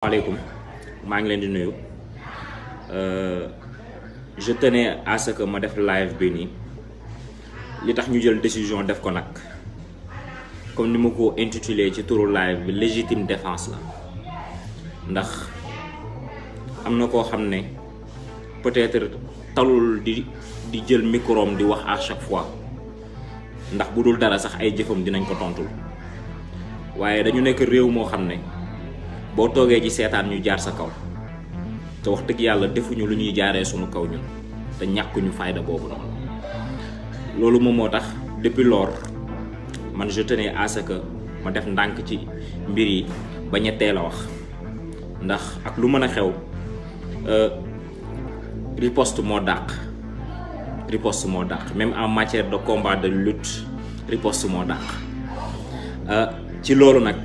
Assalamualaikum, maa ngi di nuyu euh, je tenais à ce que ma live bi nii li tax ñu jël décision def ko comme ni ko intitulé ci turu live bi légitime défense la ndax am na koo peut-être talul di di jël di wax à chaque fois ndax bu dara sax ay jëfëm dinañ ko tontul waaye dañu nek réew mo xamné boo toogee ci seetaan ñu jaar sa kaw te wax dëgg yàlla defuñu lu ñuy jaaree suñu kaw ñun te ñàkkuñu fayda boobu noonu loolu moom moo tax depuis lors man je tenais à ce que ma def ndànk ci mbir yi ba a teel a wax ndax ak lu mën a xew euh, riposte moo dàq riposte moo dàq même en matière de combat de lutte riposte moo dàq euh, ci loolu nag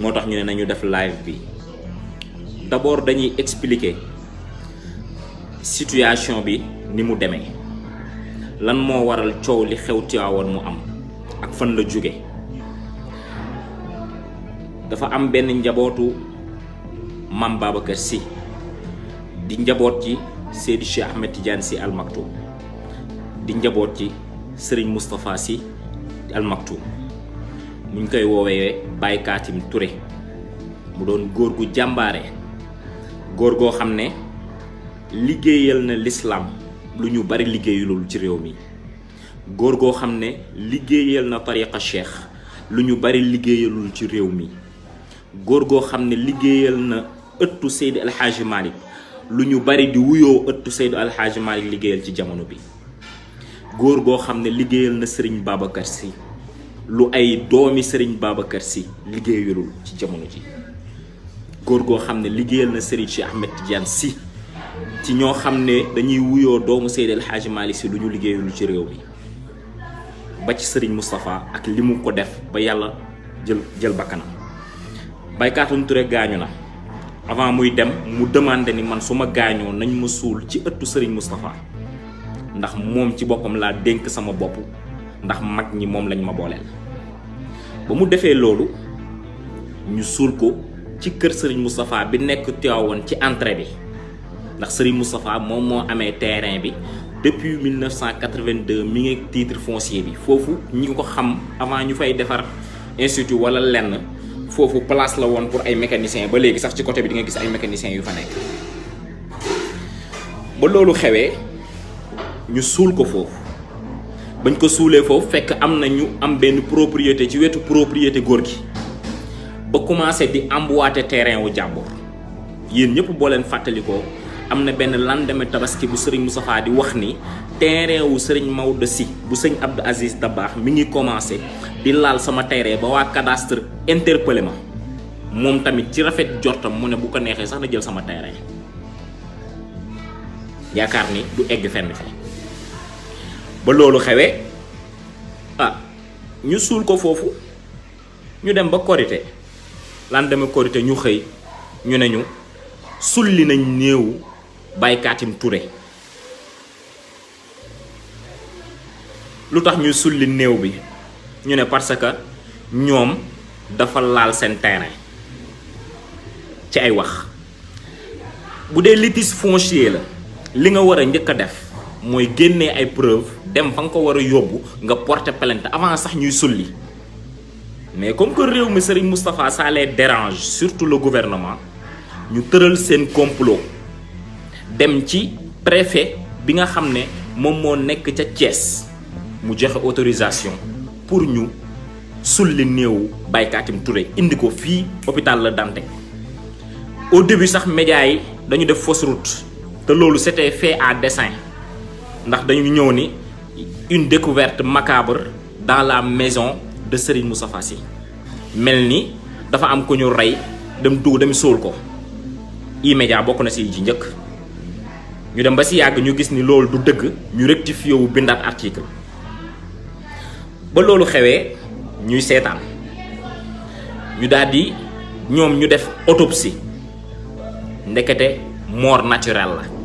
moo tax ñu ne nañu def live bi d'abord dañuy expliquer situation bi ni mu demee lan moo waral coow li xew Tiwaawan mu am ak fan la jóge dafa am benn njabootu Mame Babacar Sy di njaboot ci Seydi Cheikh Ahmed Tidiane Sy Al di njaboot ci sëriñ Moustapha si Al mu ñu koy woowee Baye Katim ture mu doon góor gu jàmbaare góor goo xam ne liggéeyal na lislaam lu ñu bari liggéeyulul ci réew mi góor goo xam ne liggéeyal na tariqa lu ñu bari liggéeyalul ci réew mi góor goo xam ne liggéeyal na ëttu Seydi El Hadji lu ñu bari di wuyoo ëttu Seydi El Hadji liggéeyal ci jamono bi góor goo xam ne liggéeyal na sëriñ Babacar Sy lu ay doomi Serigne Babacar si liggéeyalul ci jamono ji góor goo xam ne liggéeyal na Serigne Cheikh Ahmed Tidiane Sy ci ñoo xam ne dañuy wuyoo doomu Seydi El Hadji Malick Sy lu ci réew mi ba ci Serigne Moustapha ak li mu ko def ba yàlla jël jël bakkanam Baykaatam Touré gaañu na avant muy dem mu demandé ni man su ma gaañoo nañ ma suul ci ëtt Serigne Moustapha ndax moom ci boppam laa dénk sama bopp ndax mag ñi moom lañ ma booleel ba mu defee loolu ñu suul ko ci kër Serigne Moustapha bi nekk Tivaouane ci entrée bi ndax Serigne Moustapha moom moo amee terrain bi depuis 1982 mi ngi titre foncier bi foofu ñi ko xam avant ñu fay defar institut wala lenn foofu place la woon pour ay mécaniciens ba léegi sax ci côté bi di nga gis ay mécaniciens yu fa nekk ba loolu xewee ñu suul ko foofu. bañ ko suulee foofu fekk am na ñu am benn propriété ci wetu propriété góor gi ba commencé di emboîter terrain wu jàmbur yéen ñëpp boo leen fàttalikoo am na benn lendemain tabaski bu sëriñ Moustapha di wax ni terrain wu sëriñ Maodo Sy bu sëñ Abdou Aziz Dabakh mi ngi commencé di laal sama terrain ba waa cadastre interpellé ma moom tamit ci rafet jortam mu ne bu ko neexee sax na jël sama terrain yaakaar ni du egg fenn fi ba loolu xewee a ah, ñu suul ko foofu ñu dem ba lan deme korité ñu xëy ñu ne ñu sulli nañ néewu baykaatim Touré lu tax ñu sulli néew bi ñu ne parce que ñoom dafa laal seen terrain ci ay wax bu dee litige foncier la li nga war a njëkk a def moy guenné ay preuves dem fa nga ko war a nga porter plainte avant sax ñuy sulli mais comme que réew mi Serigne Moustapha ça les dérange surtout le gouvernement ñu teurel sen complot dem ci préfet bi nga xamné mom mo nek ca Thiès mu joxe autorisation pour ñu sulli néewu Baye Katim Touré indi ko fi hôpital La danté au début sax média yi dañu def fausse route te lolu c'était fait à dessein ndax dañu ñëw ni une découverte macabre dans la maison de Serigne Moustapha Sy mel ni dafa am ko ñu rey dem dugg dem sool ko immédiat bokk na si ji njëkk ñu dem ba si yàgg ñu gis ni loolu du dëgg ñu rectifié wu bindaat article ba loolu xewee ñuy seetaan ñu daal di ñoom ñu def autopsie ndekete mort naturelle la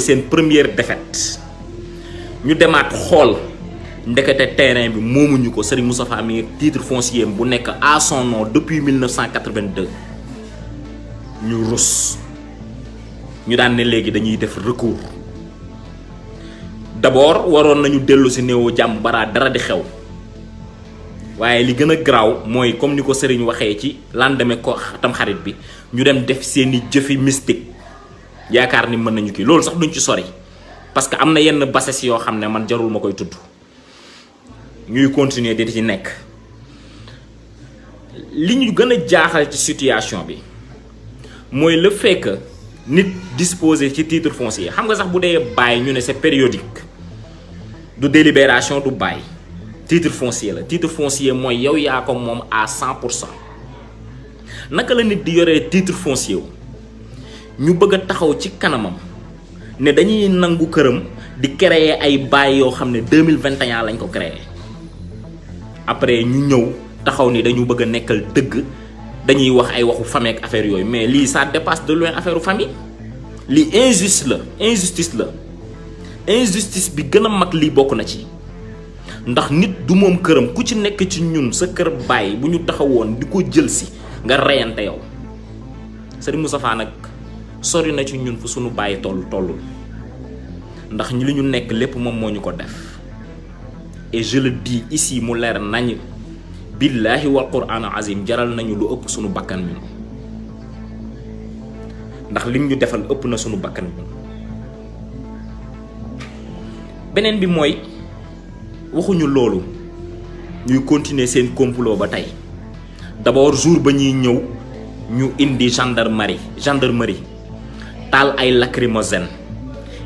c'est une première défaite Nous terrain bi ko Serigne Moustapha titre foncier à son nom depuis 1982 ñu ñu recours d'abord nous nañu nous ci bara dara di xew comme nous Serigne waxé ci Nous ko xarit bi ñu mystique. yaakaar ni mën nañu kii loolu sax duñ ci sori parce que am na yenn bases yoo xam ne man jarul ma koy tudd ñuy continuer di ci nekk li ñu gën a jaaxal ci situation bi mooy le fait nit disposé ci titre foncier xam nga sax bu dee bàyyi ñu ne c'est périodique du délibération du bàyyi tiitre foncier la titre foncier mooy yow yaa ko moom à cent pour cent naka la nit di yore titre foncier wu. ñu bëgg taxaw ci kanamam né dañuy nangu kërëm di créer ay bail yo xamné 2021 lañ ko créer après ñu ñëw taxaw ni dañu bëgg nekkal dëgg dañuy wax ay waxu famé ak affaire yoy mais li ça dépasse de loin affaire famille li injustice la injustice la injustice bi gëna mak li bokku na ci ndax nit du mom kërëm ku ci nekk ci ñun sa kër bàyyi bu ñu taxawoon diko jël ci nga rayante yow serigne Moustapha nak sori na ci ñun fu suñu bàyyi toll tollul ndax li ñu nekk lépp moom moo ñu ko def et je le dis mu leer nañ billaahi wal quraan azim jaral nañu lu ëpp suñu bàkkan ñun ndax li ñu defal ëpp na suñu bakkan ñun beneen bi mooy waxuñu loolu ñuy continuer seen complot ba tey d'abord jour ba ñuy ñëw ñu indi gendarmerie gendarmerie taal ay lacrymogène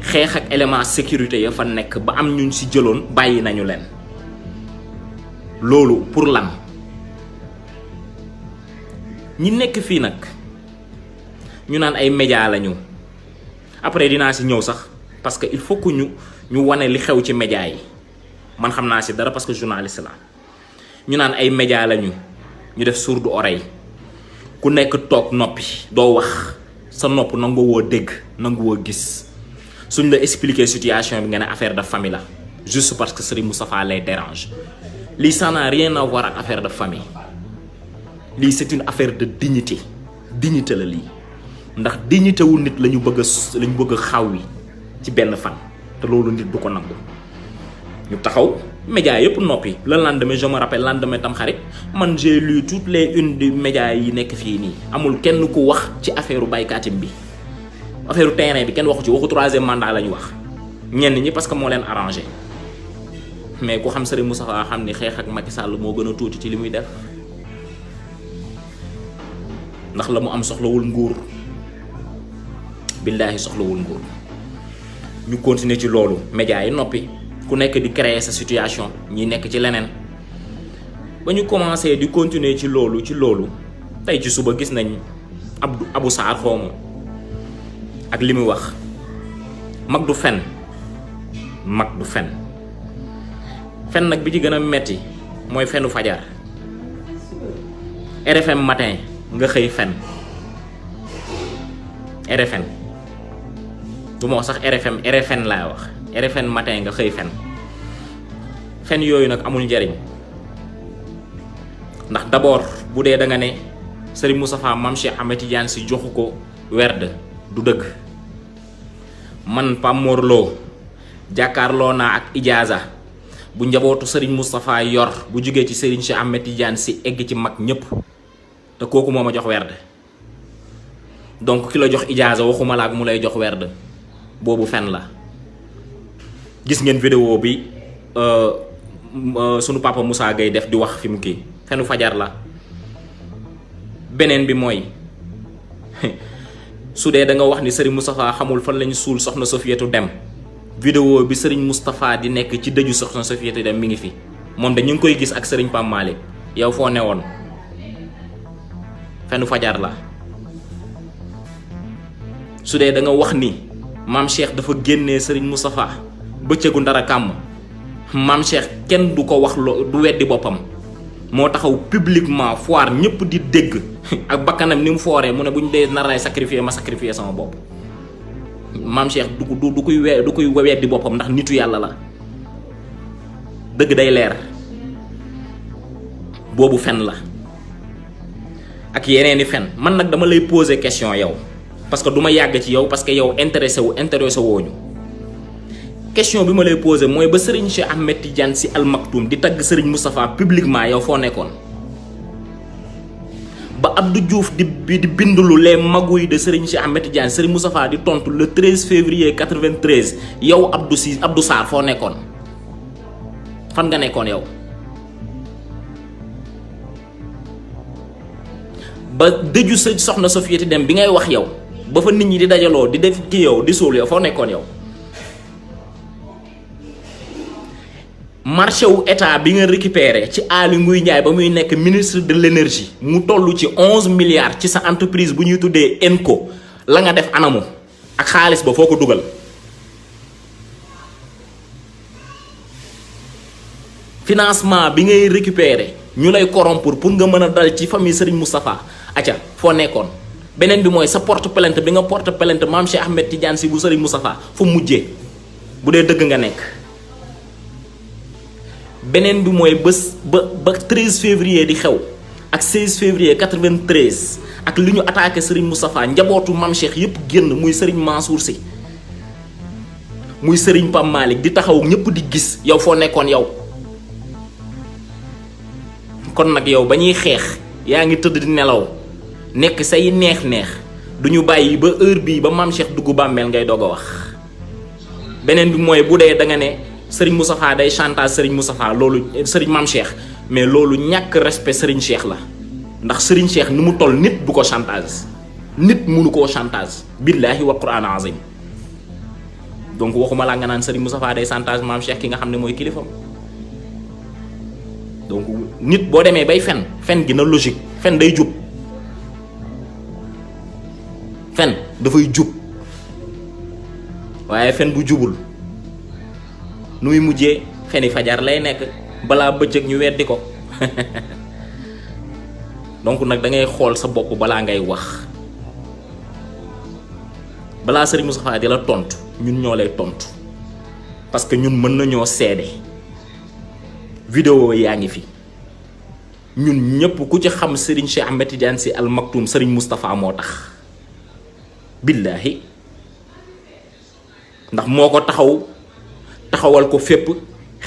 xeex ak élément sécurité ya fa nekk ba am ñuñ si jëloon bàyyi nañu leen loolu pour lan ñi nekk fii nag ñu naan ay média lañu après dinaa si ñëw sax parce que il faut que ñu ñu wane li xew ci média yi man xam naa si dara parce que journaliste la ñu naan ay média lañu ñu def suur sourde oreille ku nekk toog noppi doo wax sa nopp nangoo woo dégg nangu woo gis suñ la expliquer situation bi nga affaire de famille la juste parce que Serigne Moustapha lay dérange li ça n'a rien à voir ak affaire de famille lii c'est une affaire de dignité dignité la lii ndax dignité wu nit la ñu bëgg a la bëgg xaw yi ci benn fan te loolu nit du ko nangu ñu taxaw médias yëpp nopi le lendemain je me rappelle lendemain tam xarit man j'ai lu toutes les unes du médias yi nek fi ni amul kenn ku wax ci affaire baykaatim bi affaire terrain bi kenn waxu ci waxu 3e mandat lañ wax ñenn ñi parce que mo leen arrangé mais ku xam Serigne Moustapha xam ni xeex ak Macky Sall moo gën tuuti ci limuy def ndax la mu am soxlawul nguur billahi soxlawul nguur ñu continuer ci lolu médias yi nopi ku nek di créer sa situation ñi nek ci lenen bañu commencer di continuer ci lolu ci lolu tay ci suba gis nañ abdu abu saar xoomu ak limi wax mag du fen mag du fen fen nak bi ci gëna metti moy fenu fajar RFM matin nga xey fen RFM du ma sax RFM RFM la wax RFM matin nga xey fen fen yoyu nak amul jariñ ndax d'abord budé da nga né Serigne Moustapha Mam Cheikh Ahmed Tidiane Sy joxu ko werd du deug man Pamorlo Mor Lo na ak ijaza bu njabootu Serigne Moustapha yor bu jugé ci Serigne Cheikh Ahmed Tidiane Sy egg ci mak ñep te koku moma jox werd donc ki la jox ijaza waxuma la ak mu jox werd bobu fen la gis ngeen vidéo bi euh, euh, sunu papa Moussa Gay def di wax fimu mu xenu fajar la benen bi moy su da nga wax ni Serigne Moustapha xamul fan lañu sul soxna Sofiatou Dem vidéo bi Serigne Moustapha di nek ci deju soxna Sofiatou Dem mi ngi fi moom ngi koy gis ak Serigne pam malik yow fo ne xenu fajar la su da nga wax ni mam Cheikh dafa génnee Serigne Moustapha bëccëgu ndara kam mam cheikh kenn du ko wax du weddi bopam mo taxaw publiquement foire ñepp di dégg ak bakanam nim mu mu ne bu sacrifier ma sacrifier sama bop mam cheikh du du koy we du koy weddi bopam ndax nitu yalla la deug day lèr bobu fen la ak yeneeni fen man nak dama lay poser question yow parce que duma yag ci yow parce que yow intéressé wu intéressé question bi ma lay posé mooy ba Serigne Cheikh Ahmed Tidiane Sy Al di tagg Serigne Moustapha publiquement yow foo nekkoon ba Abdou juuf di di bindulu les magouilles de Serigne Cheikh Ahmed Tidiane Serigne Moustapha di tontu le 13 février 93 yow Abdou Si Abdou Sarr foo nekkoon fan nga nekkoon yow. ba dëju sa soxna société dem bi ngay wax yow ba fa nit ñi di dajaloo di def ki yow di suul yow foo nekkoon yow. marché wu état bi nga récupéré ci Aly Nguy Ndiaye ba muy nek ministre de l'énergie mu tollu ci 11 milliards ci sa entreprise bu ñuy tuddé Enco la nga def anamu ak xaalis ba foko duggal financement bi ngay récupéré ñu lay corrompre pour nga mëna dal ci famille Serigne Moustapha aca fo nekkoon benen bi moy sa porte plainte bi nga porte plainte mam Cheikh Ahmed Tidiane si bu Serigne Moustapha fu mujjé budé deug nga nek benen bi moy bés ba 13 février di xew ak 16 février 93 ak li attaquer Serigne Moustapha njabootu mam Cheikh yep genn muy Serigne Mansour si muy Serigne Pam malik di taxaw ñep di gis yow fo nekkoon yow kon nak yow bañuy xex yaangi yaa di nelaw nek say neex-neex duñu bayyi ba heure bi ba mam Cheikh duggu bammel ngay doog wax benen bi moy budé da nga Serigne Moustapha day chantage Serigne Moustapha loolu Serigne Mame Cheikh mais loolu ñàkk respect Serigne Cheikh la ndax Serigne Cheikh ni mu toll nit bu ko chantage nit mënu koo chantage billaahi wa quraan azim donc waxuma laa nga naan Serigne Moustapha day chantage Mame Cheikh ki nga xam ne mooy kilifam donc nit boo demee bay fen fen gi na logique fen day jub fen dafay jub waaye fen bu jubul nuy mujjé xéni fajar lay nekk balaa bëccëg ñu wéddi ko donc nak da ngay xol sa bopp Mustafa ngay wax bala Serigne Moustapha di la tontu ñun ñolay tontu parce que ñun mëna ñoo sédé vidéo yaangi fi ñun ñëpp ku ci xam Serigne Cheikh Ahmed Tidiane Al Maktoum Serigne Moustapha moo tax ndax moko taxaw. taxawal ko fépp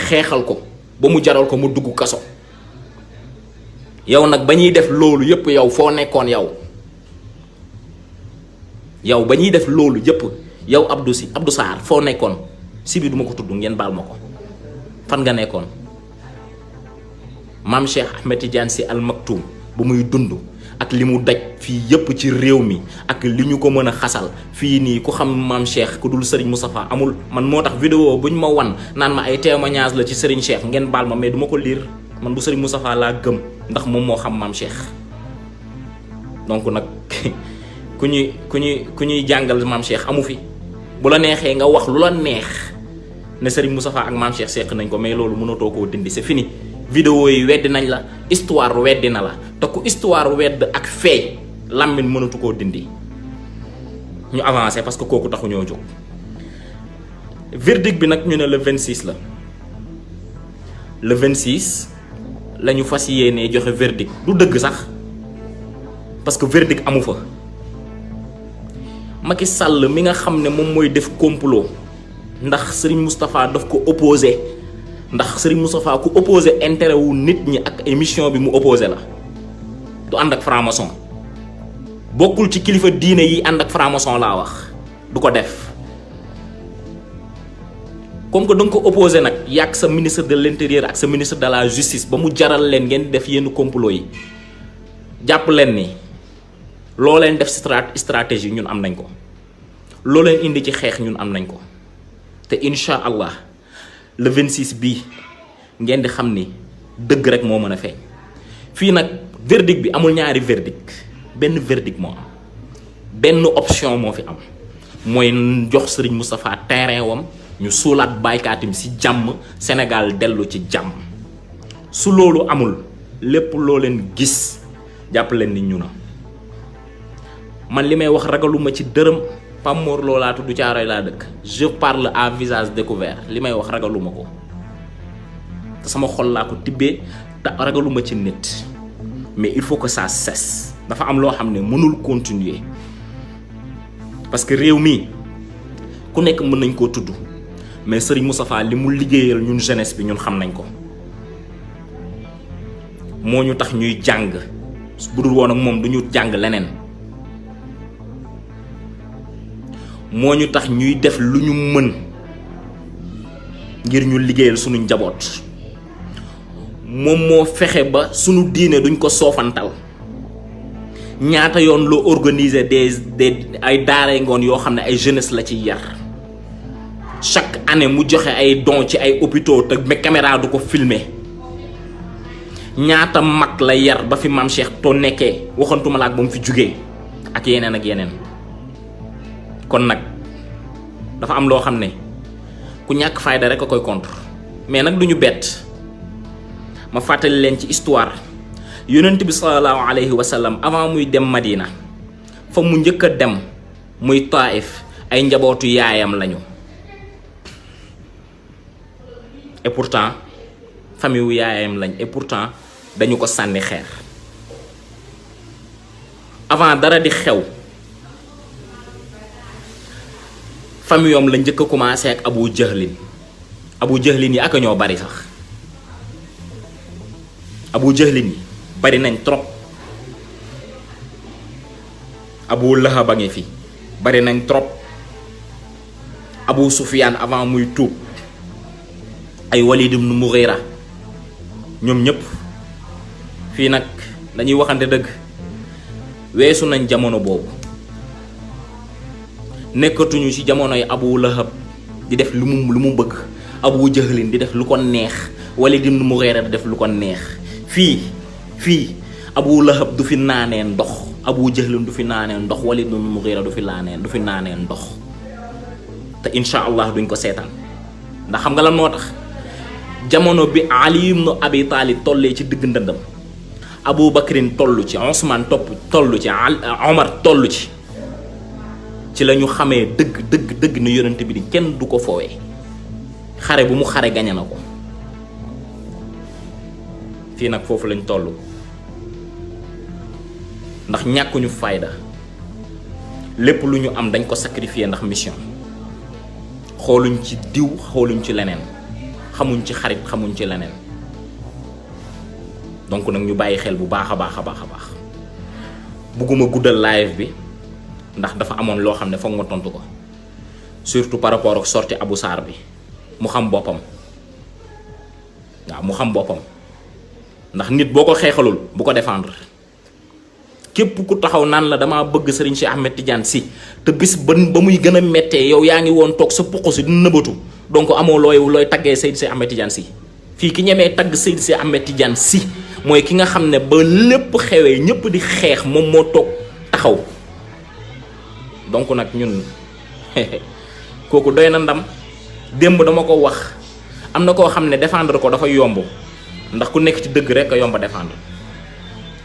xeexal ko ba mu jaral ko mu dugg kaso yow nag ba ñuy def loolu yëpp yow foo nekkoon yow yow ba ñuy def loolu yëpp yow Abdou si Abdou Sarr foo nekkoon si bi duma ko tudd ngeen baal ma ko fan nga nekkoon maam Cheikh Ahmed Tidiane si al bu muy dund ak limu daj fi yep ci rew mi ak liñu ko mën xassal fi ni ku xam mam Cheikh ku dul Serigne Moustapha amul man motax video buñ ma wan nan ma ay témoignage la ci Serigne Cheikh ngeen bal ma mais duma ko lire man bu Serigne Moustapha la gëm ndax mom mo xam mam Cheikh donc nak kuñuy kuñuy kuñuy jangal mam Cheikh amu fi bu la nexé nga wax lu la neex ne Serigne Moustapha ak mam Cheikh nañ ko mais ko dindi c'est fini vidéo yi weddi nañ la histoire weddi na la te ku histoire wedd ak feey làmmiñ mënatu koo dindi ñu avancé parce que kooku taxu ñoo jóg verdict bi nag ñu ne le 26 la le 26 la ñu fas yéenee joxe verdict du dëgg sax parce que verdict amu fa Macky Sall mi nga xam ne moom mooy def complot ndax Serigne Moustapha daf ko opposé ndax seri Moustapha ku opposé intérêt wu nit ñi ak émission bi mu opposé la du ànd ak franc bokkul ci kilifa diine yi ànd ak franc laa wax du ko def comme que da nga ko opposé nag yàq sa ministre de l'intérieur ak sa ministre de la justice ba mu jaral leen ngeen def yenn complot yi jàpp leen ni looleen def stratégie ñun am nañ ko loo leen indi ci xeex ñun am nañ ko te incha allah. le 26 bii ngeen di xam ni dëgg rek moo mën a feeñ fii nag verdict bi amul ñaari verdict benn verdict moo am benn option moo fi am mooy jox Serigne Moustapha terrain wam ñu suulaat baykaatim si jàmm senegal dellu ci jàmm su loolu amul lépp loo leen gis jàpp leen ni ñu na man li may wax ragaluma ci dërëm. Pam lola Lo laa tudd la deuk je parle à visage découvert limay wax ragaluma ko te sama xol la ko tibbee te ragaluma ci net mais il faut que ça cesse dafa am lo xamné mënul continuer parce que réew mii ku nek mën nañ ko tudd mais Serigne Moustapha limu mu liggéeyal ñun jeunesse bi ñun xam nañ ko moñu tax ñuy jang budul won ak mom duñu jang lenen moo ñu tax ñuy def lu ñu mën ngir ñu liggéeyal sunu njaboot moom moo fexe ba sunu diine duñ ko soofantal ñaata yoon loo organiser des des ay daaray ngoon yoo xam ne ay jeunesse la ci yar chaque année mu joxe ay dons ci ay hôpitaux te caméra du ko filmer ñaata mag la yar ba fi maam Cheikh to nekkee waxantuma la ak ba mu fi jugee ak yeneen ak yeneen. kon nag dafa am loo xam ne ku ñàkk fayda rekk a koy contre mais nag lu ñu bett ma fàttali leen ci histoire yonent bi sallallahu alayhi wa sallam avant muy dem Madina fa mu njëkk a dem muy Taif ay njabootu yaayam lañu et pourtant famille wu yaayam lañ et pourtant dañu ko sànni xeer avant dara di xew. famille am la njëkk a commencé ak abu jahlin abu jahlin yi ak ñoo bari sax abu jahlin yi bari nañ trop abu lahab a fi bari nañ trop abu sufiyaan avant muy tuub ay walid ibn mughira ñoom ñépp fii nag dañuy waxante dëgg weesu nañ jamono boobu nekkatuñu ci jamonoy abu lahab di def lu mu lu mu bëgg abu jahlin di def lu ko neex wala di mu reere def lu ko neex fii fii abu lahab du fi naanee ndox abu jahlin du fi naanee ndox wala di mu reere du fi naanee du fi naanee ndox te incha allah duñ ko seetaan ndax xam nga la moo tax jamono bi ali ibnu abi taalib tollee ci digg ndëndam abu bakrin toll ci Ousmane topp toll ci Omar tollu ci ci lañu xamé deug deug deug ni yonent bi di kenn du ko fowé xaré bu mu xaré gañe nako fi nak fofu lañ tollu ndax ñu fayda lepp lu ñu am dañ ko sacrifier ndax mission xoluñ ci diw xoluñ ci lenen xamuñ ci xarit xamuñ ci lenen donc nak ñu bayyi xel bu baaxa baaxa baaxa baax buguma guddal live bi ndax dafa amone lo xamne ne foog nga tontu ko surtout par rapport ak sorti Abou sar bi mu xam bopam waaw mu xam bopam ndax nit boko xexalul bu ko défendre kep ku taxaw nan la dama bëgg Serigne Cheikh Ahmed Tidiane si te bis ban ba muy gëna metté yow yaangi won tok sa pokku si neubatu donc amo loy loy taggé serigne Cheikh Ahmed Tidiane si fi ki ñëmé tagg serigne Cheikh Ahmed Tidiane si moy ki nga xamné ba lepp xewé ñëpp di xex mom mo tok taxaw donc nag ñun kooku doy na ndam démb dama ko wax am na koo xam ne défendre ko dafa yomb ndax ku nekk ci dëgg rek a yomb défendre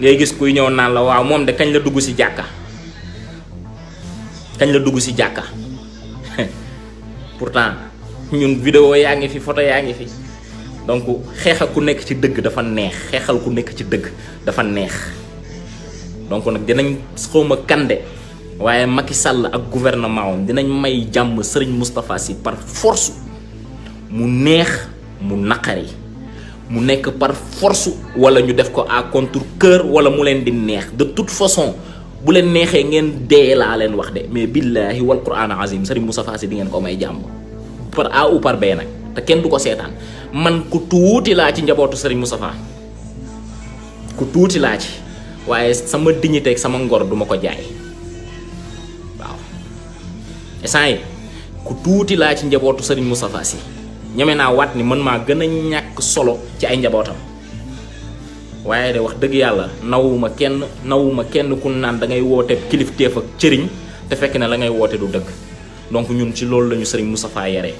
ngay gis kuy ñëw naan la waaw moom de kañ la dugg si jàkka kañ la dugg si jàkka pourtant ñun vidéo yaa ngi fi foto yaa ngi fi donc xeexal ku nekk ci dëgg dafa neex xeexal ku nekk ci dëgg dafa neex donc nag dinañ xawma kande waye Macky Sall ak gouvernement am dinañ may jamm Serigne Moustapha Sy par force mu neex mu nakari mu nek par force wala ñu def ko à contre-cœur wala mu len di neex de toute façon bu len neexee ngeen dé la len wax de mais billahi wal quran azim Serigne Moustapha Sy di ngeen ko may jamm par A ou par B nak te kenn du ko sétane man ku touti la ci njabotu Serigne Moustapha ku touti la ci waye sama dignité ak sama ngor duma ko jaay. instant yi ku tuuti laa ci njabootu Serigne Moustapha Sy ñeme naa waat ni man maa gën a ñàkk solo ci ay njabootam waaye de wax dëgg yàlla nawuma kenn nawuma kenn ku naan dangay ngay woote kilifteef ak cëriñ te fekk na la ngay woote du dëgg donc ñun ci loolu lañu Serigne Moustapha yare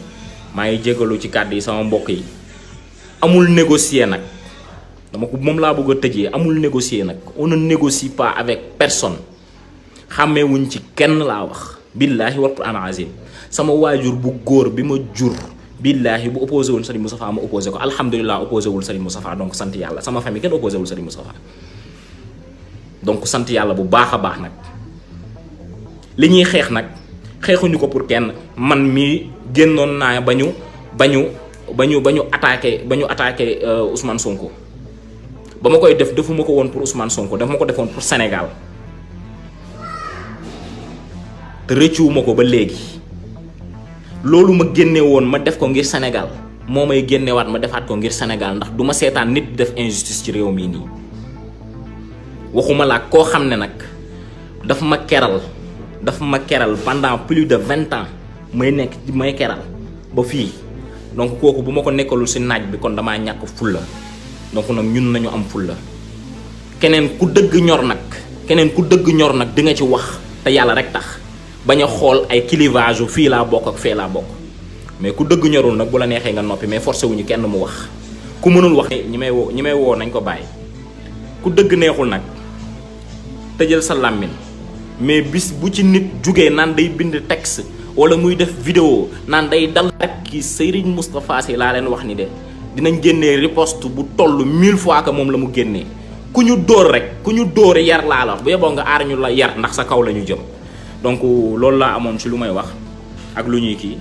maa ngi jégalu ci kàddu yi sama mbokk yi amul négocier nag dama ko moom laa bëgg a tëjee amul négocier nag on ne négocie pas avec personne xàmmewuñ ci kenn laa wax billaahi wal quraan azim sama waajur bu góor bi ma jur billaahi bu opposé wul Serigne Moustapha ma opposé ko alhamdulilah opposé wul Serigne Moustapha donc sant yàlla sama famille kenn opposé wul Serigne Moustapha donc sant yàlla bu baax a baax nag li ñuy xeex nag xeexuñu ko pour kenn man mii génnoon naa ba ñu ba ñu ba ñu ba ñu attaqué ba ñu attaqué euh, Ousmane Sonko ba ma koy def defuma ko woon pour Ousmane Sonko daf ma ko defoon pour Sénégal. te rëccuwuma ko ba léegi loolu ma génne woon ma def ko ngir senegal moo may génnewaat ma defaat ko ngir senegal ndax du ma seetaan nit def injustice ci réew mii nii waxuma laa koo xam ne nag dafa ma keral dafa ma keral pendant plus de vingt ans may nekk may keral ba fii donc kooku bu ma ko nekkalul si naaj bi kon damaa ñàkk fulla donc nag ñun nañu am fulla keneen ku dëgg ñor nag keneen ku dëgg ñor nag di nga ci wax te yàlla rek tax bañ a xool ay clivage yu fii laa bokk ak fee laa bokk mais ku dëgg ñorul nag bu la neexee nga noppi mais forcé wuñu kenn mu wax ku mënul wax ñi may woo ñi may woo nañ ko bàyyi ku dëgg neexul nag tëjal sa làmmin mais bis bu ci nit jugee naan day bind texte wala muy def vidéo naan day dal rek ki Serigne Moustapha Sy laa leen wax ni de dinañ génnee riposte bu toll mille fois que moom la mu génnee ku ñu dóor rek ku ñu dóor yar laa la bu yeboo nga aar ñu la yar ndax sa kaw la ñu jëm donc loolu laa amoon ci lu may wax ak lu ñuy kii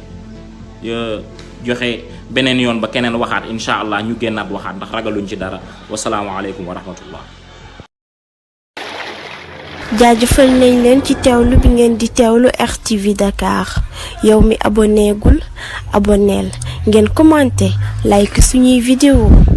joxe beneen yoon ba keneen waxaat incha allah ñu génnaat waxaat ndax ragaluñ ci dara wasalaamualeykum wa rahmatullah. jaajëfal nañ leen ci teewlu bi ngeen di teewlu RTV Dakar yow mi aboneegul aboneel ngeen commenté like suñuy vidéo